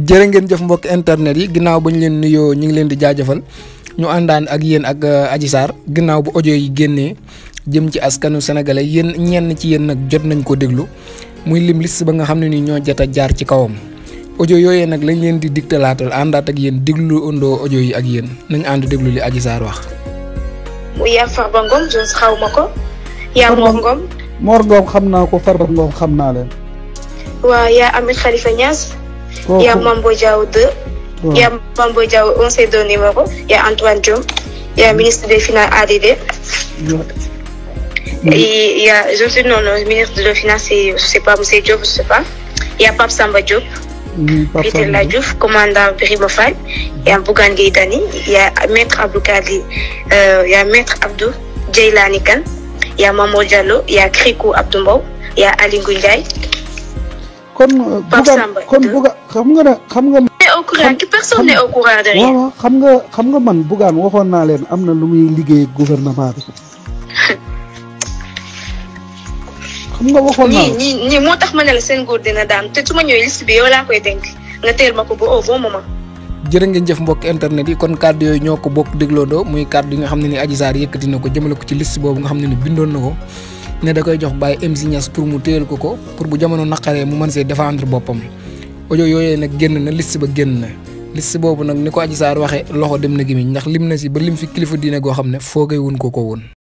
jërë ngeen jëf mbokk internet yi ginnaaw ba ñu leen nuyoo ñu ngi leen di jaajëfal ñu àndaan ak yéen ak euh, Adji Sarr ginnaaw bu audio yi génnee jëm ci askanu sénégalais yéen ñenn ci yéen nag jot nañ ko déglu muy lim liste ba nga xam ne nii ñoo jot a jaar ci kawam. ojo yooyu nag lañ leen di digtalaatal àndaat ak yéen déglu undoo audio yi ak yéen nañ ànd déglu li Adji Sarr wax. yaa Farba Ngom xaw ma ko. yaa Mor Ngom xam naa ko Farba Ngom xam naa leen. waa yaa Ameth Il y a Mambo Diao 2. Il y a Mambo Diao, on donné numéros. Il y a Antoine Diom. Il y a le ministre des Finances ADD. il y a, je sais, non, le ministre de Finances, je ne sais pas, M. Diop, je ne sais pas. Il y a Pape Samba Diop. Peter Ladjouf, commandant Brimofal, il y a Bougan Gaydani, il y a Maître Abdoukali il y a Maître Abdou, Jaylani Nikan, il y a Mamo Diallo, il y a Kriku Abdoumbo, il y a Ali comme euh, Bougane kon Bougane xam nga ne xam nga. au xam nga xam man Bougane waxoon naa leen am na lu muy liggéey gouvernement bi. xam nga waxoon naa ñii ñii moo tax ma ne la seen góor dina daan te su ma ñëwee liste bi yow laa koy dénk nga teel ma ko ba au bon moment. jëf mbokk internet yi kon kàddu yooyu ñoo ko bokk dégloondoo muy kàddu yi nga xam ne ni Adji Sarr na ko jëmale ko ci list boobu nga xam ne ni bindoon na ko. ne da koy jox Baye MC pour mu téyel ko ko pour bu jamono naqaree mu mën see défendre boppam audio yooyee nag génn na list ba génn na list boobu nag ni ko Adji Sarr waxee loxo dem na gémmiñ ndax lim na si ba lim fi kilifa diine goo xam ne foogee wuñ ko ko woon.